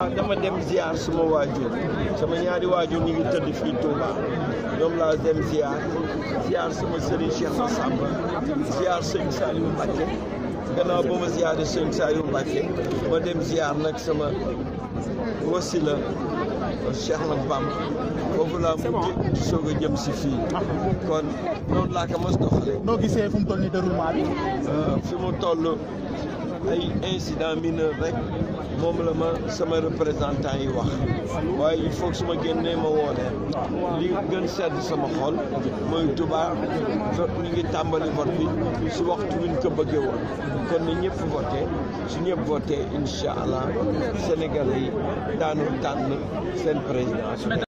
Ah, dama dem ziar suma waajur sama ñaari waajur ñu ngi tëdd fii Touba ñoom laa dem ziar ziar sama sëriñ Cheikh Massamba ziar sëñ Saliou Mbacké gannaaw ba ma ziare sëñ ma dem ziar nag sama wasila Cheikh Ahmad Bamba foofu laa mujj soog a jëm si fii kon noonu laa ko mos doxalee. noo euh, fi mu toll. ay incident mineur rek moom la ma sama représentant yi wax waaye il faut que su ma génnee ma woo leen li gën sedd sama xol mooy Touba ñu ngi tàmbali vote bi si waxtu wi ñu ko bëggee woon kon na ñëpp voté su ñëpp voté incha allah Sénégalais yi daanu tànn seen président